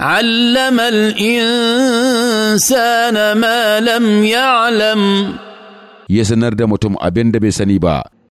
علم الإنسان ما لم يعلم يسنر دمتم أبين دبي سنيبا